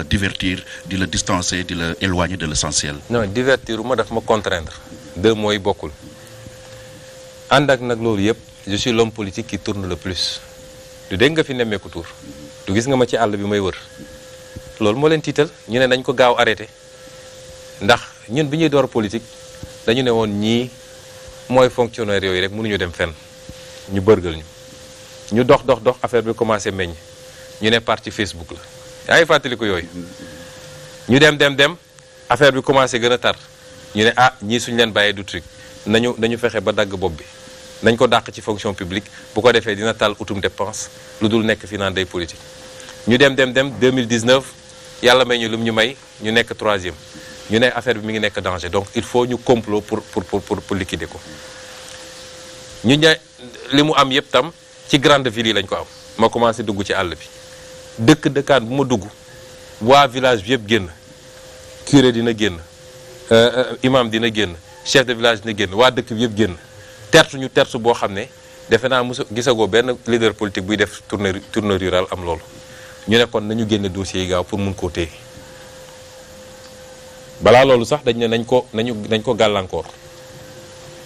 la divertir di la distancer di la éloigner de l'essentiel. non divertir ma daf ma contraindre. de mooy bokkul ànd ak nag loolu yëpp je suis l'homme politique qui tourne le plus du dégg nga fi nemmeeku tur du gis nga ma ci àll bi may wër loolu moo leen tiital ñu ne nañ ko gaaw arrêté ndax ñun bi ñuy door politique dañu ne woon ñii mooy fonctionnaire yooyu rek mënuñu dem fenn ñu bërgal ñu ñu dox dox dox affaire bi commencé meñ ñu ne parti Facebook la yaa ngi fàttaliku yooyu ñu dem dem dem affaire bi commencé gën a tar ñu ne ah ñii suñ leen bàyyee du truc nañu nañu fexe ba dagg bopp bi nañ ko dàq ci fonction publique bu ko defee dina tal utum dépense lu dul nekk fi naan day politique ñu dem dem dem 2019 yàlla may ñu lum ñu may ñu nekk troisième ñu ne affaire bi mi ngi nekk danger donc il faut ñu complot pour pour pour pour liquider ko ñu ne li mu am yëpp tam ci grande ville yi lañ ko am ma commencé dugg ci àll bi dëkk dëkkaan bu ma dugg waa village bi yëpp génn curé dina génn euh, euh, imam dina génn chef de village dina génn waa dëkk bi yëpp génn tertu ñu tertu boo xam ne defe naa mos gisagoo benn leader politique buy def tournée tournée rurale am loolu ñu nekkoon kon nañu génne dossiers yi gaaw pour mun koo téye balaa loolu sax dañ ne nañ ko nañu nañ ko gàllankoor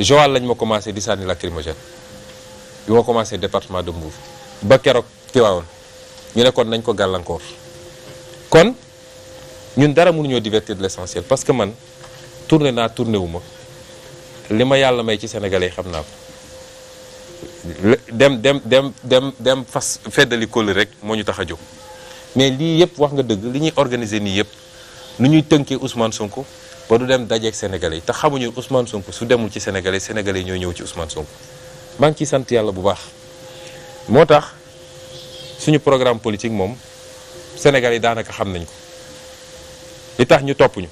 Joal lañ ma commencé di sànni lacrymogène bi ma commencé département de Mbour ba keroog Tivaouane ñu ne kon nañ ko gàllankoor kon ñun dara mënuñoo divertir de l'essentiel parce que man tourné naa tourné wu ma li ma yàlla may ci sénégalais yi xam naa ko dem dem dem dem dem fas feddali kóllëre rek moo ñu tax a jóg mais lii yëpp wax nga dëgg li ñuy organiser nii yëpp lu ñuy tënkee Ousmane Sonko ba du dem dajeeg sénégalais yi te xamuñu Ousmane Sonko su demul ci sénégalais sénégalais ñoo ñëw ci Ousmane Sonko maa ngi ciy sant yàlla bu baax moo tax. suñu programme politique moom Sénégal yi daanaka xam nañ ko li tax ñu topp ñu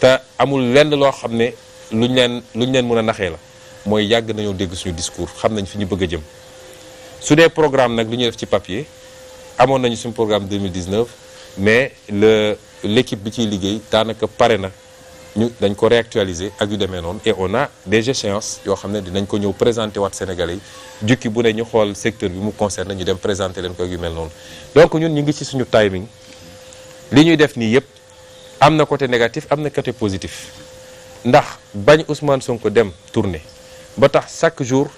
te amul lenn loo xam ne luñ leen luñ leen mën a naxee la mooy yàgg nañoo dégg suñu discours xam nañ fi ñu bëgg a jëm su dee programme nag lu ñu def ci papier amoon nañu suñu programme 2019 mais le l'équipe bi ciy liggéey daanaka pare na ñu dañ ko réactualiser ak yu demee noonu et on a des échéances yoo xam ne dinañ ko ñëw présenter waat Sénégalais yi jukki bu ne ñu xool secteur bi mu concerne ñu dem présenter leen ko ak yu mel noonu donc ñun ñu ngi ci suñu timing li ñuy def nii yëpp am na côté négatif am na côté positif ndax bañ Ousmane Sonko dem tournée ba tax chaque jour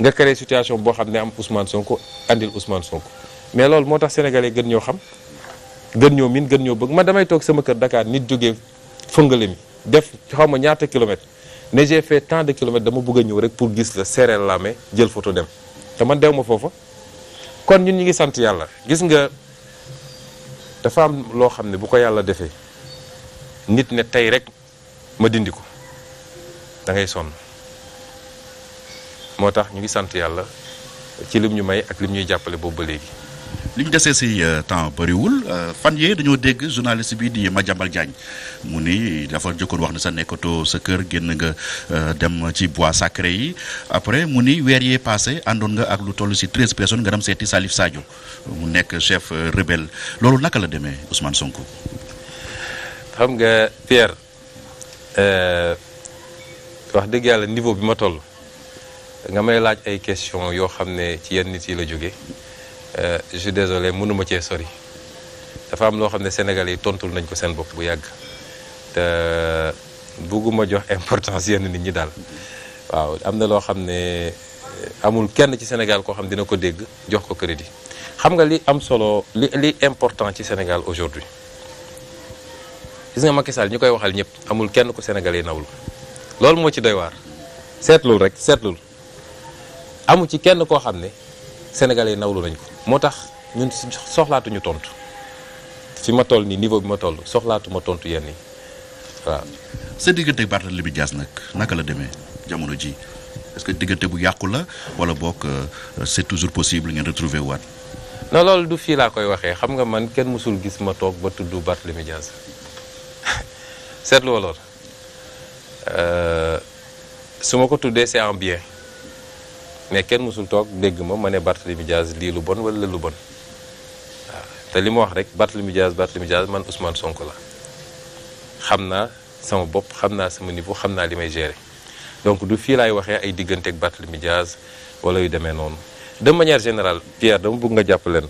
nga créé situation boo xam ne am Ousmane Sonko andil Ousmane Sonko mais loolu moo tax sénégalais gën ñoo xam gën ñoo miin gën ñoo bëgg ma damay toog sama kër Dakar nit jógee fëngale mi def xaw ma ñaata kilomètres ne j'ai fait de kilomètres dama bëgg ñëw rek pour gis la sereel laame jël photo dem te man dew ma foofa kon ñun ñu ngi sant yàlla gis nga dafa am loo xam ne bu ko yàlla defee nit ne tey rek ma dindi ko da ngay sonn moo tax ñu ngi sant yàlla ci lim ñu may ak lim ñuy jàppale boobu ba léegi li desee si euh, temps bëriwul euh, fan yee dañoo dégg journaliste bi di Madiambal Diagne mu ni dafa jëkkoon wax ne sa nekkatoo sa kër génn nga euh, dem ci bois sacré yi après mu ni weer yee passé àndoon nga ak lu toll si treize personnes nga dem seeti Salif Sadio mu nekk chef rebelle loolu naka la demee Ousmane Sonko. xam nga Pierre wax dëgg yàlla niveau bi ma toll nga may laaj ay question yoo xam ne ci yenn nit yi la jóge Euh, je suis désolé mënuma cee sori dafa am loo xam ne Sénégal yi tontul nañ ko seen bopp bu yàgg te bugguma jox importance yenn nit ñi daal waaw am na loo xam ne euh, amul kenn ci Sénégal koo xam ne dina ko dégg jox ko crédit xam nga li am solo li important ci Sénégal aujourd'hui gis nga Macky Sall ñu koy waxal ñëpp amul kenn ku Sénégal yi nawlu loolu moo ci doy waar seetlul rek seetlul amu ci kenn koo xam ne Sénégal yi nawlu nañ ko moo tax ñun soxlaatuñu tontu fi ma toll nii niveau bi ma toll soxlaatu ma tontu yenn yi waaw. sa diggante Barthélémy jaas nag naka la demee jamono ji parce que diggante bu yàqu la wala boog euh, c'est toujours possible ngeen retrouver waat. non lool du fii laa koy waxee xam nga man kenn mësul gis ma toog ba tudd Barthélémy Dias seetlu wala euh, su ma ko tuddee c'est en bien. mais kenn mësul toog dégg ma ma ne Barthélemy Diaz lii lu bon wala lu bon waaw te li ma wax rek Barthélemy Diaz Barthélemy Diaz man Ousmane Sonko la xam naa sama bopp xam naa sama niveau xam naa li may gérer donc du fii laay waxee ay diggante ak Barthélemy Diaz wala yu demee noonu de manière général Pierre dama bëgg nga jàpp leen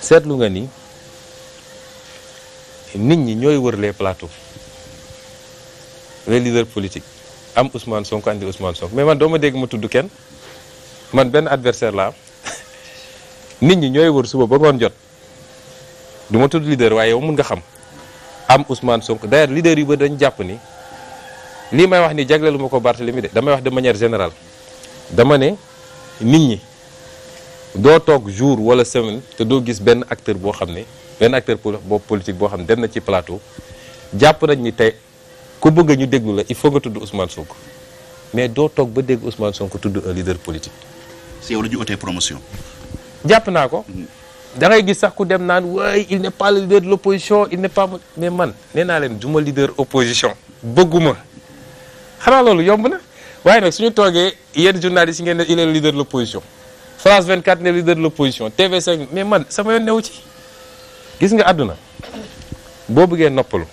seetlu nga ni nit ñi ñooy wër les plateaux les leaders politiques am Ousmane Sonko andi Ousmane Sonko mais man doo ma dégg ma tudd kenn man benn adversaire laa nit ñi ñooy wër suba ba ngoon jot du ma tudd leader waaye yow mun nga xam am Ousmane Sonko d'ailleurs leader yu ba dañ jàpp ni lii may wax ni jagleelu ma ko Barthélemy de damay wax de manière général dama ne nit ñi doo toog jour wala semaine te doo gis benn acteur boo xam ne benn acteur politique boo xam ne dem na ci plateau jàpp nañ ni tey ku bëgg ñu déglu la il faut nga tudd Ousmane Sonko mais doo toog ba dégg Ousmane Sonko tudd un leader politique. si yow la ñu jàpp naa ko. Mm-hmm. da ngay gis sax ku dem naan waay il n'est pas le leader de l'opposition il n'est pas mais man nee naa leen du ma leader opposition. bëgguma xanaa loolu yomb na waaye nag suñu toogee yenn journalistes yi ngeen ne il est le leader de l'opposition France 24 ne leader de l'opposition TV5 mais man sama yoon newu ci gis nga àdduna boo bëggee noppalu.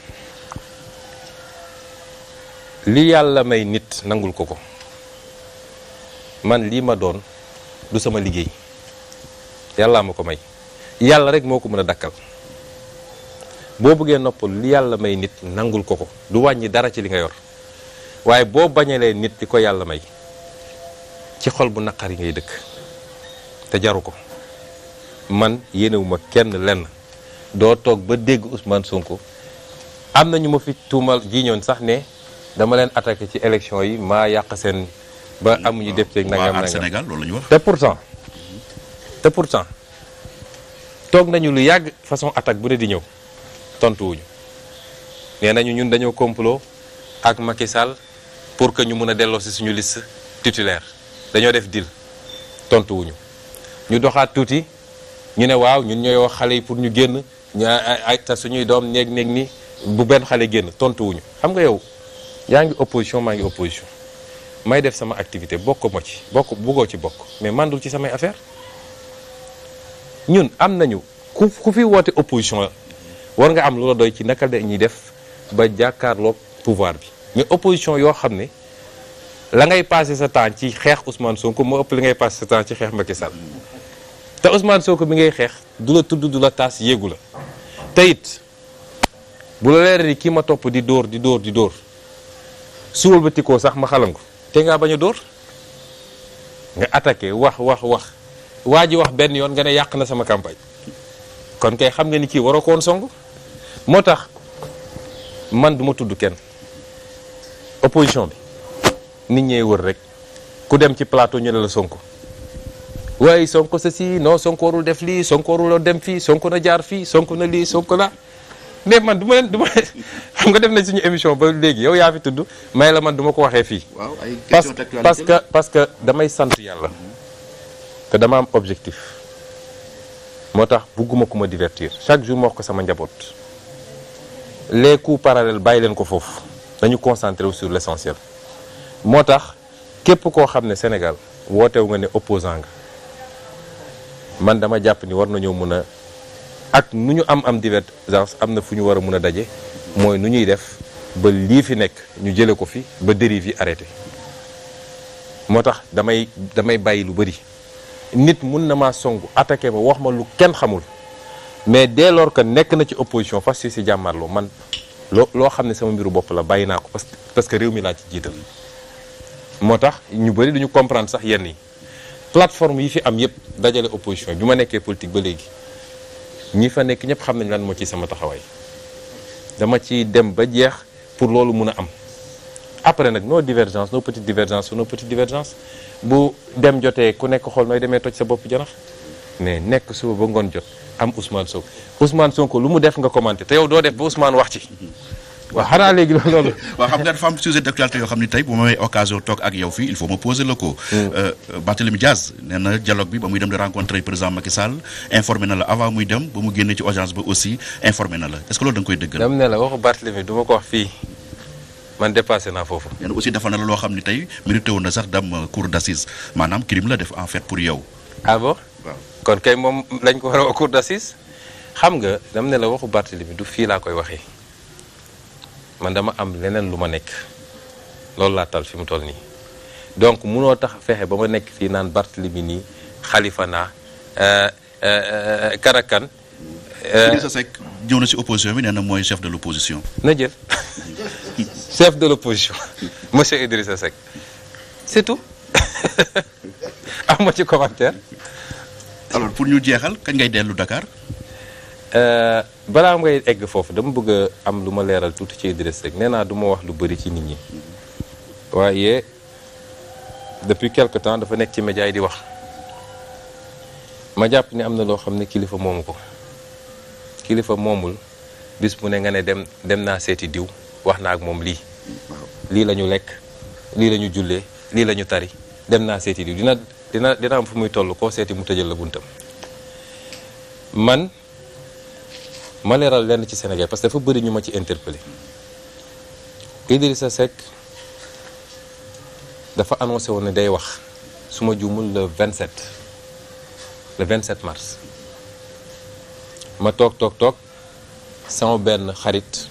li yàlla may nit nangul ko ko man lii ma doon du sama liggéey yàlla ma ko may yàlla rek moo ko mën a dakkal boo bëggee noppal li yàlla may nit nangul ko ko du wàññi dara ci li nga yor waaye boo bañalee nit li ko yàlla may ci xol bu naqari ngay dëkk te jaru ko man yéenewuma kenn lenn doo toog ba dégg Ousmane Sonko am na ñu ma fi tuumal jiiñoon sax ne dama leen attaqué ci élection yi maa yàq seen ba amuñu député nangam nangam Sénégal loolu la ñu wax te pourtant te pourtant toog nañu lu yàgg façon attaque bu ne di ñëw tontuwuñu nee nañu ñun dañoo complot ak Macky Sall pour que ñu mën a delloo si suñu liste titulaire dañoo def deal tontuwuñu ñu doxaat tuuti ñu ne waaw ñun ñooy wax xale yi pour ñu génn ñu ay suñuy doom néeg néeg ni bu benn xale génn tontuwuñu xam nga yow yaa ngi opposition maa ngi opposition may def sama activité bokk ma ci bokk buggoo ci bokk mais mandul ci samay affaire ñun am nañu ku ku fi woote opposition war nga am loola doy ci naka la ñuy def ba jàkkaarloog pouvoir bi mais opposition yoo xam ne la ngay passé sa temps ci xeex Ousmane Sonko moo ëpp li ngay passé sa temps ci xeex Macky Sall te Ousmane Sonko bi ngay xeex du la tudd du la taas yéegu la te bu la leer ni kii ma topp di dóor di dóor di dóor su wëlbatikoo sax ma xalangu te ngaa bañ a dóor nga attaqué wax wax wax waa ji wax benn yoon nga ne yàq na sama campagne kon kay xam nga ni kii waroo ko woon song moo tax man du tudd kenn opposition bi nit ñee wër rek ku dem ci plateau ñu ne la sonk waaye Sonko ceci non Sonko warul def lii Sonko warul dem fii sonk na jaar fii sonk na lii sonk na ne man du ma leen du ma xam nga def na suñu émission ba léegi yow yaa fi tudd may la man duma ko waxee fii. waaw ay question d'actualité parce que parce que damay sant yàlla. te dama am objectif. moo tax bugguma ku ma divertir chaque jour ma wax ko sama njaboot. les coups parallèles bàyyi leen ko foofu dañu concentré wu sur l' essentiel. moo tax képp koo xam ne Sénégal wootewu nga ne opposant nga man dama jàpp ni war nañoo mën a. ak nu ñu am am divergence am na fu ñu war a mun a daje mooy nu ñuy def ba lii fi nekk ñu jële ko fi ba dérive yi arrêté moo tax damay damay bàyyi lu bëri nit mun na maa song attaqué ma wax ma lu kenn xamul mais dès lors que nekk na ci opposition fas si si jàmmarloo man loo loo xam ne sama mbiru bopp la bàyyi naa ko parce que parce que réew mi laa ci jiital moo tax ñu bëri duñu comprendre sax yenn yi plateforme yi fi am yépp dajale opposition bi ma nekkee politique ba léegi ñi fa nekk ñëpp xam nañ lan moo ci sama taxawaay dama ci dem ba jeex pour loolu mun a am après nag nos divergences nos petites divergences nos petites divergences bu dem jotee ku nekk xool nooy demee toj sa bopp janax mais nekk suba ba ngoon jot am Ousmane Sonko Ousmane Sonko lu mu def nga commenté te yow doo def ba Ousmane wax ci waaw xanaa léegi loolu. waaw xam nga dafa am sujet d'actualité yoo xam ne tey bu ma may occasion toog ak yow fii il faut ma poser le ko. Hmm. Euh, euh, Barthélémy Diaz nee na dialogue bi ba muy dem di rencontrer président Macky Sall informé na la avant muy dem ba mu génne ci audience ba aussi informé na la est-ce que loolu da nga koy dëggal. dem ne la waxu Barthélémy du ma ko wax fii man dépassé naa foofu. nee na aussi dafa na la loo xam ne tey mérité woon na sax dem euh, cour d'assises maanaam crime la def en fait pour yow. ah bon waaw kon moom lañ ko war a cour xam nga dam ne la waxu Barthélémy du fii laa koy waxee. man dama am leneen lu ma nekk loolu laa tal fi mu toll nii donc munoo tax fexe ba ma nekk fii naan Barthélemy nii xalifa naa euh, euh, karakan. Euh. Idrissa Seck ñëw na ci opposition bi nee na mooy chef de l'opposition. na jël chef de l'opposition monsieur Idrissa Seck c'est tout am ma ci commentaire. alors pour ñu jeexal kañ ngay dellu Dakar. balaa may egg foofu dama bëgg am lu ma leeral tuuti ci Idriss Seck nee naa du ma wax lu bëri ci nit ñi waaye depuis quelque temps dafa nekk ci média di wax ma jàpp ni am na loo xam ne kilifa moomu ko kilifa moomul bis mu ne nga ne dem dem naa seeti diw wax naa ak moom lii lii la ñu lekk lii la ñu jullee lii la ñu tari dem naa seeti diw dina dina dina am fu muy toll koo seeti mu tëjal la buntam man ma lenn ci Sénégal parce que dafa bëri ñu ma ci interpellé a Seck dafa annoncé woon ne day wax su ma juumul le 27 le 27 mars ma toog toog toog sama benn xarit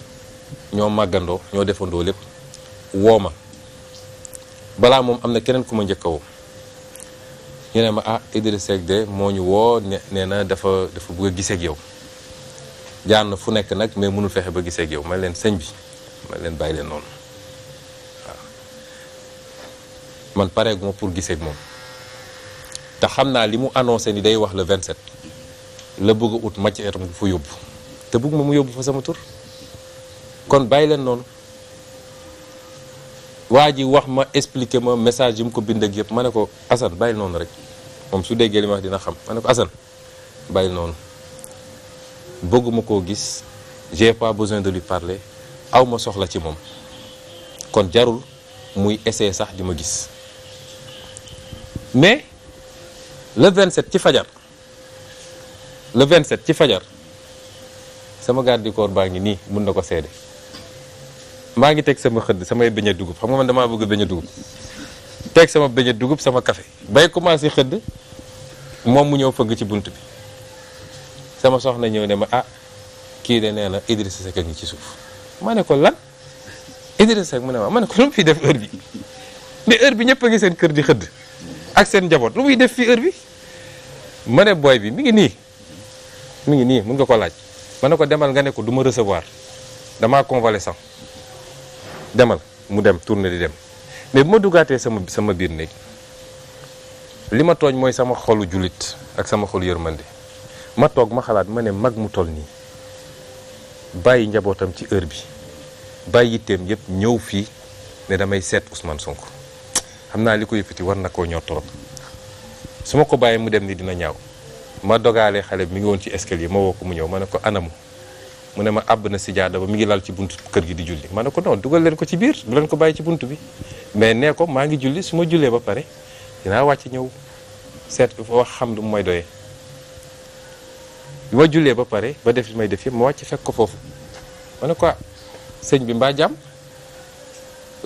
ñoo màggandoo ñoo defandoo lépp woo ma balaa moom am na keneen ku ma njëkk a woo ñu ne ma ah Idrissa Seck de moo ñu woo ne nee na dafa dafa bëgg a gisee yow. jaan na fu nekk nag mais mënul fexe ba gisee ak may leen sëñ bi man leen bàyyi leen noonu waaw man ma pour giseek moom te xam naa li mu annoncé ni day wax la le 27 la bëgg a ut matière mu fu yóbbu te bëgg ma mu yóbbu fa sama tur kon bàyyi leen noonu waa ji wax ma expliqué ma message yi mu ko bind ak yëpp ma ne ko Assane bàyyi noonu rek moom su déggee li ma wax dina xam ma ne ko Assane bàyyi noonu. bëgguma koo gis j'ai pas besoin de lui parler aw ma soxla ci moom kon jarul muy essayer sax di ma gis mais le 27 ci fajar le 27 ci fajar sama garde corps baa ngi nii mun na ko seede maa ngi teg sama xëdd samay beñe dugub xam nga man damaa bëgg beñe dugub teg sama beñe dugub sama kafe bay commencé xëdd moom mu ñëw fëgg ci bunt bi sama soxna ñëw ne ma ah kii de nee idris Idrissa Seck a ngi ci suuf ma ne ko lan Idrissa Seck mu ne ma ma ne ko lu def heure heure bi ñëpp a ngi seen kër di xëdd ak seen njaboot lu muy def fii heure bi ma ne booy bi mi ngi nii mu ngi nii mun nga ko laaj ma ko demal nga ne ko du ma recevoir damaa convalescent demal mu dem tourné di dem mais bu ma duggaatee sama sama biir néeg li ma tooñ mooy sama xolu jullit ak sama xolu yërmande ma toog ma xalaat ma ne mag mu toll nii bàyyi njabootam ci heure bi bàyyi yitteem yëpp ñëw fii ne damay seet Ousmane Sonko xam naa li ko yëkkati war na koo ñor trop su ma ko bàyyi mu dem ni dina ñaaw ma dogaale xale bi mi ngi woon ci escalier ma woo ko mu ñëw ma ne ko anamu mu ne ma àbb na sijaada ba mi ngi lal ci bunt kër gi di julli ma ne ko dugal leen ko ci biir du leen ko bàyyi ci bunt bi mais ne ko maa ngi julli su ma jullee ba pare dinaa wàcc ñëw seet wax xam lu mu may bi ma jullee ba pare ba def li may def yëpp ma wàcc fekk ko foofu ma ne quoi ah, sëñ bi mbaa jàmm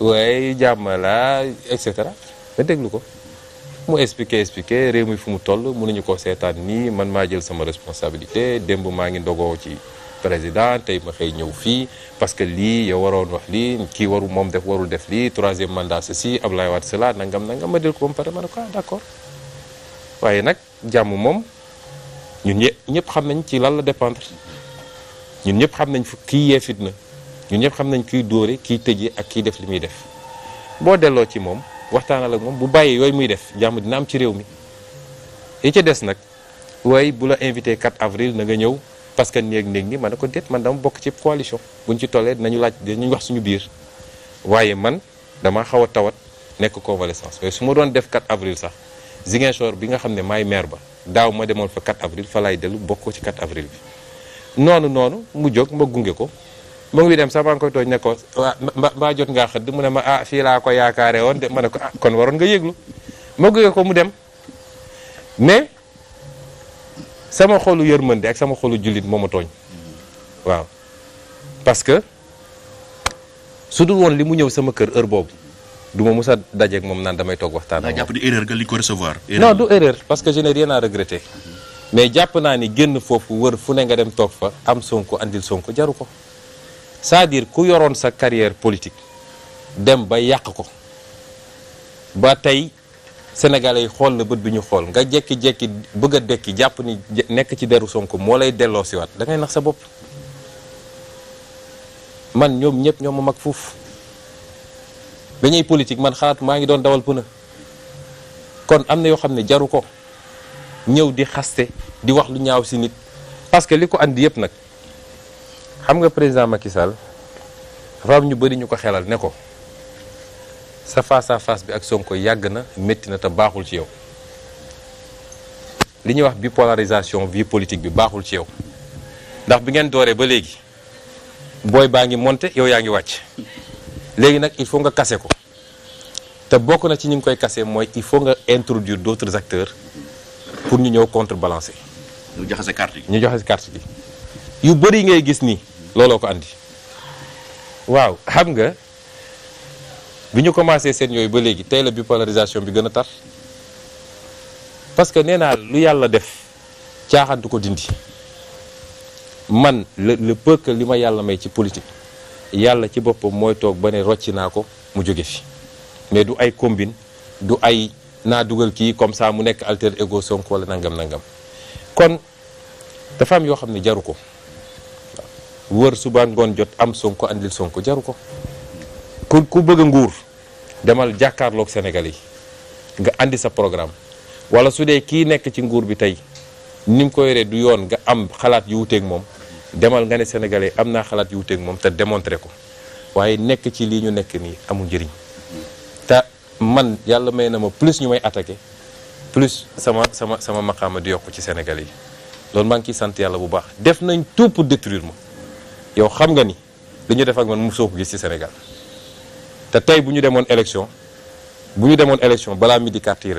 waaye jàmm laa et cetera ma déglu ko mu expliqué expliqué réew mi fu mu toll mun mënuñu ko seetaan nii man maa jël sama responsabilité démb maa ngi ndogoo ci président tey ma xëy ñëw fii parce que lii yow waroon wax lii kii waru moom def warul def lii troisième mandat ceci Abdoulaye Wade cela nangam nangam ma déglu ko ba mu pare ma ko quoi ah, d'accord waaye nag jàmm moom. ñun ñë ñëpp xam nañ ci lan la dépendre ñun ñëpp xam nañ fu kii yee fitna ñun ñëpp xam nañ kiy dóore kiy tëjee ak kiy def li muy def boo delloo ci moom waxtaanal ak moom bu bàyyi yooyu muy def jàmm dina am ci réew mi yi ca des nag waaye bu la invité 4 avril na nga ñëw parce que néeg néeg ni man ne ko déet man dama bokk ci coalition buñ ci tollee dinañu laaj dinañu wax suñu biir waaye man dama xaw tawat nekk convalescence waaye su ma doon def 4 avril sax Ziguinchor bi nga xam ne maay maire ba daaw ma demoon fa 4 avril falaay laay dellu bokkoo ci 4 avril bi noonu noonu mu jóg ma gunge ko mu ngi dem sax maa ne ko waa mbaa jot ngaa xëdd mu ne ma ah fii laa ko yaakaare woon de ma ne ko ah kon waroon nga yëglu ma gunge ko mu dem mais sama xolu yërmande ak sama xolu jullit moo ma tooñ waaw parce que su dul woon li mu ñëw sama kër heure boobu du ma mës a moom naan damay toog waxtaan. daa jàpp di erreur nga li ko recevoir. non du erreur parce que je n'ai rien à mais jàpp naa ni génn foofu wër fu ne nga dem toog fa am Sonko andil Sonko jaru ko saa diir dire ku yoroon sa carrière politique dem ba yàq ko ba tey sénégalais yi xool la bët bi ñu xool nga jekki-jekki bëgg a dekki jàpp ni nekk ci deru sonk moo lay delloo siwaat da ngay nax sa bopp man ñoom ñëpp ñoo ma mag fuuf ba ñuy politique man xalaat maa ngi doon dawal puna kon am na yoo xam ne jaru ko ñëw di xaste di wax lu ñaaw si nit parce que li ko indi yëpp nag xam nga président Macky Sall dafa am ñu bëri ñu ko xelal ne ko sa face à bi ak Sonko yàgg na métti na te baaxul ci yow li ñuy wax bi bipolarisation vie politique bi baaxul ci yow ndax bi ngeen dooree ba léegi booy baa ngi monte yow yaa ngi wàcc léegi nag il faut nga kase ko te bokk na ci ñu ngi koy kase mooy il faut nga introduire d' autres acteurs pour ñu ñëw contrebalancer. ñu joxe sa carte ñu joxe sa carte gi yu bëri ngay gis nii looloo ko andi waaw xam nga bi ñu commencé seen yooyu ba léegi tey la bipolarisation bi gën a tar parce que nee naa lu yàlla def caaxantu ko dindi man le le peu que li ma yàlla may ci politique. yàlla ci boppam mooy toog ba ne rocci naa ko mu jóge fi mais du ay combine du ay naa dugal kii comme ça mu nekk alter ego Sonko wala nangam nangam kon dafa am yoo xam ne jaru ko wër suba ngoon jot am Sonko andil Sonko jaru ko ku ku bëgg nguur demal jàkkaarlook Sénégal yi nga indi sa programme wala su dee kii nekk ci nguur bi tey ni mu ko yoree du yoon nga am xalaat yu wuteek moom demal nga ne sénégalais am naa xalaat yu wuteeg moom te démontré ko waaye nekk ci lii ñu nekk nii amul njëriñ te man yàlla may na ma plus ñu may attaqué plus sama sama sama maqaama di yokk ci sénégalais yi loolu maa ngi ciy sant yàlla bu baax def nañ tout pour détruire ma yow xam nga ni li ñu def ak man mu soo ko gis ci Sénégal te tey bu ñu demoon élection bu ñu demoon élection balaa mi carte yi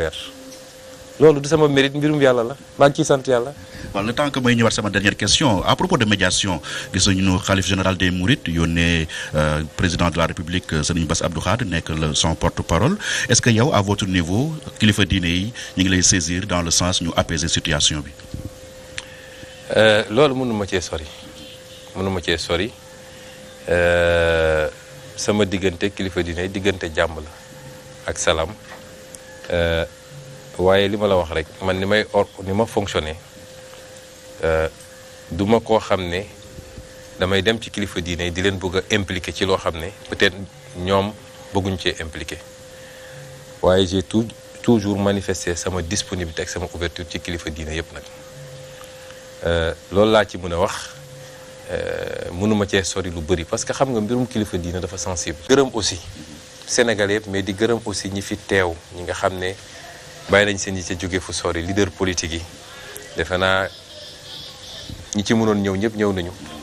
loolu du sama mérite mbirum yàlla la maa ngi ciy sant yàlla. waaw le temps que may ñëwaat sama dernière question à propos de médiation gis nañu xalif général des Mourides yónnee euh, président de la République euh, Serigne Bass Abdou Khadre nekk le son porte-parole est-ce que yow à votre niveau kilifa diine yi ñu ngi lay saisir dans le sens ñu apaiser situation bi. Euh, loolu mënu ma cee sori mënu ma cee sori sama diggante kilifa diine diggante jàmm la ak salaam. waaye li ma la wax rek man ni may or ni ma fonctionné euh, du ma koo xam ne damay dem ci kilifa diine di leen bëgg a impliqué ci loo xam ne peut-être ñoom bëgguñ cee impliqué waaye j'ai tout toujours manifesté sama disponibilité ak sama ouverture ci kilifa diine yépp nag euh, loolu laa ci mën a wax euh, mënuma cee sori lu bëri parce que xam nga mbirum kilifa diine dafa sensible. gërëm aussi Sénégal yëpp mais di gërëm aussi ñi fi teew ñi nga xam ne. bàyyi nañ seen yi ca jóge fu sori leader politique yi defe naa ñi ci mënoon ñëw ñëpp ñëw nañu